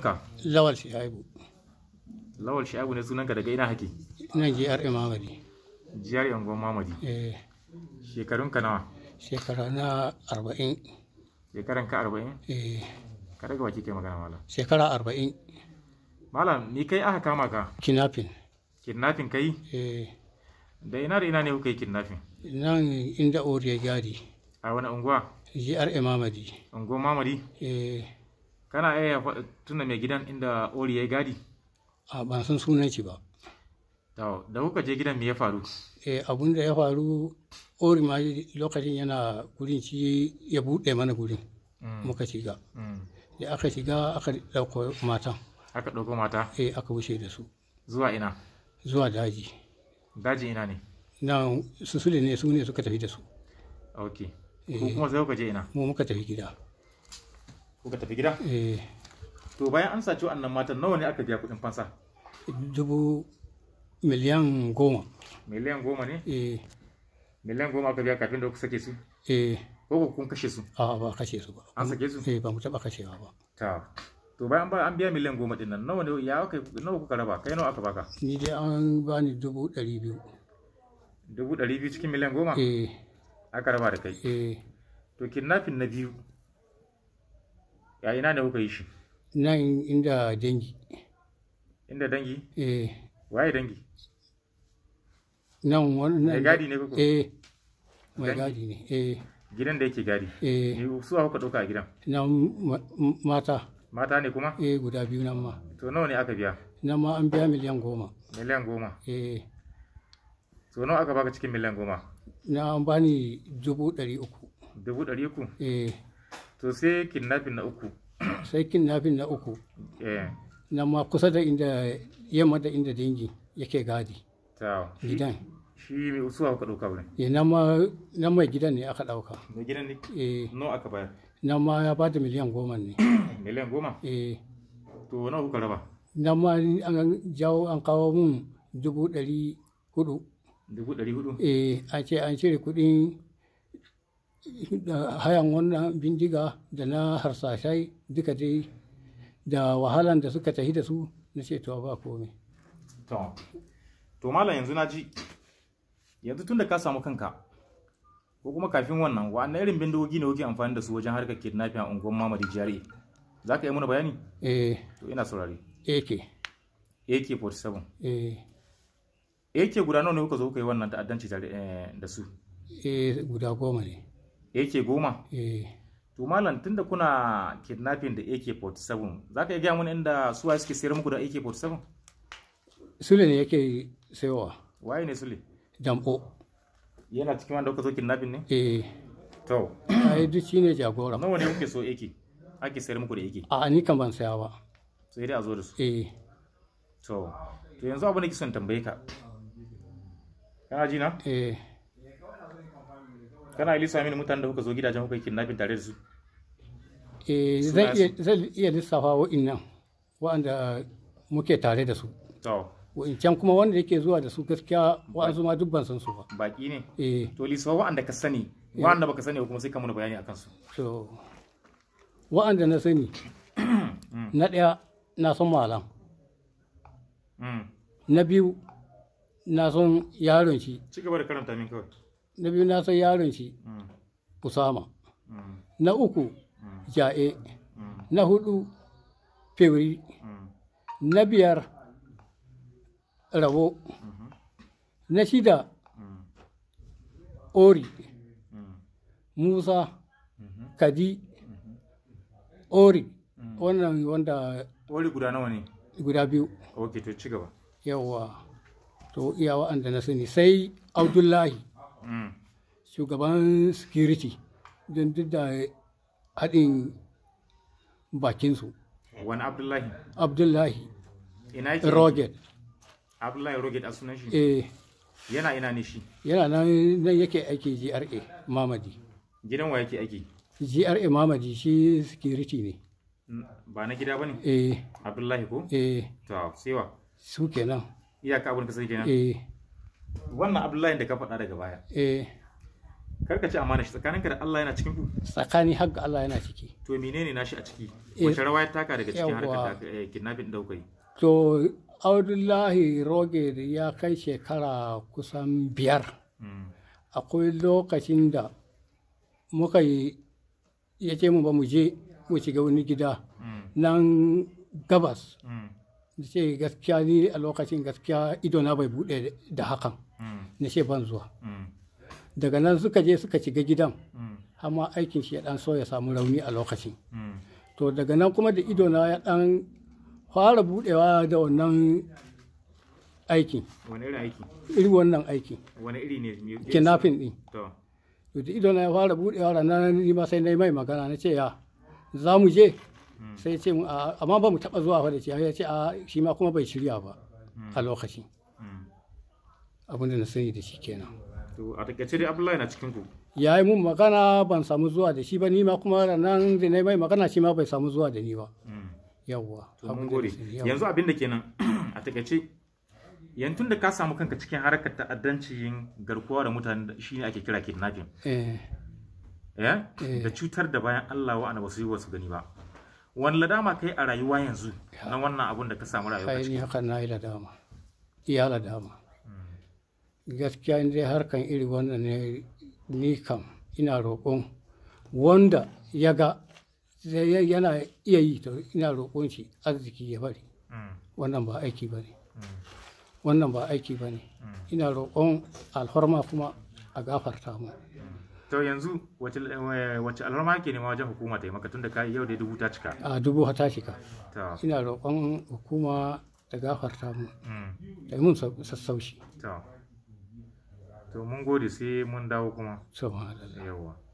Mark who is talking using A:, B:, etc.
A: ka lawal shi'aibu lawal shi'aibu ne sunanka daga ina hake ina jiyar mamadi jiyar yangon mamadi eh shekarun ka nawa shekara na arba'in shekaran ka arba'in
B: eh ka
A: daga baki ke magana malam shekara arba'in malam ni kai aka kama ka kidnapping kidnapping kai eh da ina da ina ne kuka yi kidnapping nan inda oriya gadi a wani unguwa jiyar mamadi Unguwar mamadi eh kana iya tuna mai gidan inda ori ya gadi
B: a ba san sunan ci ba
A: da kuka je gidan me ya faru
B: eh, abun da ya faru ori ma lokacin yana gurin shi ya buɗe mana gurin mm. muka shiga mm. da aka shiga aka ɗauko mata aka ɗauko mata e aka wuce da su zuwa ina zuwa daji
A: daji ina ne
B: na susule ne su ne suka tafi da su ok ko eh. kuma sai kuka je ina mu muka tafi gida
A: kuka tafi gida eh to bayan an saci wannan matan nawa ne aka biya kuɗin fansa
B: dubu miliyan goma
A: miliyan goma ne eh miliyan goma aka biya kafin da kuka sake su eh ko kun kashe su a ba kashe su ba an sake su eh ba mu taba kashewa ba ta to bayan an biya miliyan goma din nan nawa ne ya kai nawa kuka raba kai nawa aka baka ni dai an bani dubu ɗari biyu dubu ɗari biyu cikin miliyan goma? Eh. Aka raba da kai? Eh. To kidnapping na biyu ya ina ne kuka yi shi
B: nan inda dangi inda dangi eh waye dangi nan wani mai gadi ne kuka eh
A: mai gadi ne eh gidan da yake gadi eh su a kuka doka a gidan
B: nan mata mata ne kuma eh guda biyu nan ma
A: to nawa ne aka biya
B: nan ma an biya miliyan goma miliyan goma eh
A: to nawa aka baka cikin miliyan goma
B: na an bani dubu ɗari uku
A: dubu ɗari uku eh to sai kidnapping na uku
B: sai kidnapping na uku eh. na ma kusa da inda yamma da inda dangi yake gadi gidan
A: shi mai usu aka dauka wurin
B: eh na ma na mai gidan ne aka dauka
A: mai gidan ne eh no aka bayar
B: na ma ya ba da miliyan goma ne
A: miliyan goma eh to nawa kuka raba
B: na ma an jawo an kawo mun dubu dari hudu
A: dubu dari hudu
B: eh an ce an cire kudin da hayan wannan bindiga da na harsashai duka dai da wahalan da suka tafi da su na ce to ba komai
A: to to malam yanzu na ji yanzu tun da ka samu kanka ko kuma kafin wannan na irin bindigogi ne kuke amfani da su wajen harkar kidnapping a unguwar mamadi jari za ka yi muna bayani eh to ina saurare ak AK-47. Eh. AK guda nawa ne kuka zo kuka yi wannan ta'addanci eh, da su?
B: Eh guda goma ne.
A: AK goma? Eh. To malam tunda kuna kidnapping da AK47 za ka iya gaya mana inda suwa suke sayar muku da AK47?
B: Sule ne yake sayowa.
A: Waye ne Sule? Jambo. Yana cikin wanda kuka zo kidnapping ne? Eh. To. Ai duk shi ne jagora. Nawa ne kuke so AK? Ake sayar muku da AK? A ni kan ban saya ba. Sai dai a zo da su. Eh. To. To yanzu abin da kike son tambaye ka. Kana ji na? Eh. kana lissa mini mutanen da kuka zo gidajen kuka yi kidnapping tare da su eh zan
B: iya lissafa wa'annan wa'anda muke tare da su to wa'ancan kuma wanda yake zuwa da su gaskiya wa'ansu ma dubban san su ba baki ne eh to lissafa wa'anda ka sani eh. wa'anda baka sani kuma sai ka mana bayani akan su to wa'anda na sani mm. na daya na son malam mm. na biyu na son yaron shi ci gaba da karanta min kawai na biyu na san yaron shi usama na uku ja'e na hudu fewri na biyar rabo na shida ori musa kadi ori wannan wanda ori guda nawa ne guda biyu ok to ci gaba yawa to iya wa'anda na sani sai abdullahi shugaban security don duk da haɗin bakinsu wani abdullahi abdullahi ina roget
A: abdullahi roget a sunan shi eh yana ina ne shi
B: yana nan yake
A: aiki gra mamadi gidan wa yake aiki
B: gra mamadi shi security
A: ne ba na gida ba ne eh abdullahi ko eh to sewa
B: su kenan
A: iyaka abin ka sai kenan eh wannan abdullahi da ka faɗa daga baya eh karka ci amana shi ka da Allah yana cikin
B: ku tsakani har ga Allah yana ciki
A: to menene nashi a ciki eh. wace rawa ya taka daga cikin harkar eh, kidnapping da kai
B: to abdullahi roge ya kai shekara kusan biyar hmm. akwai lokacin da muka yi ya ce mu ba mu je mu shiga wani gida hmm. nan gabas hmm. na ce gaskiya ni a lokacin gaskiya idona bai buɗe da hakan mm. na ce ban zuwa mm. daga nan suka je suka shiga gidan mm. amma aikin shi ya dan so ya samu rauni a lokacin to daga nan kuma da idona ya dan fara buɗewa da wannan aikin irin iri wannan aiki
A: kinafin din to
B: da idona ya fara buɗewa ranar ni ma sai na yi mai magana na ce ya za mu je sai ce amma ba mu taba zuwa ba da ce ya ce a shi ma kuma bai shirya ba a lokacin abin da na sani da shi kenan a takaice dai abdullahi na cikin ku ya yi mun magana ban samu zuwa da shi ba ni ma kuma ranar da na mai magana shi ma bai samu zuwa da ni ba mm. yawwa
A: yanzu abin da kenan a takaice yantun da ka samu kanka cikin harkar ta'addancin garkuwa da mutane shi ne ake kira kidnapping eh. Eh? Eh. da cutar da bayan Allah wa'ana ba su yi wasu gani ba wani ladama kai a rayuwa yanzu na wannan abun da ka samu rayuwa kai ni hakan
B: na yi ladama iya ladama gaskiya in dai harkan iri wannan ne ni kam ina roƙon wanda ya ga yana iya yi to ina roƙon shi arziki ya bari mm. wannan ba aiki ba ne mm. wannan ba aiki ba ne mm. ina roƙon alhorma kuma a gafarta mu
A: to yanzu wace eh, alfarma ke nema wajen hukuma ta yi maka tunda kayi yau da dubu ta cika a dubu ta cika ina
B: roƙon hukuma da gafarta mu da mun mm. sassaushi.
A: to mun gode sai mun dawo kuma yawa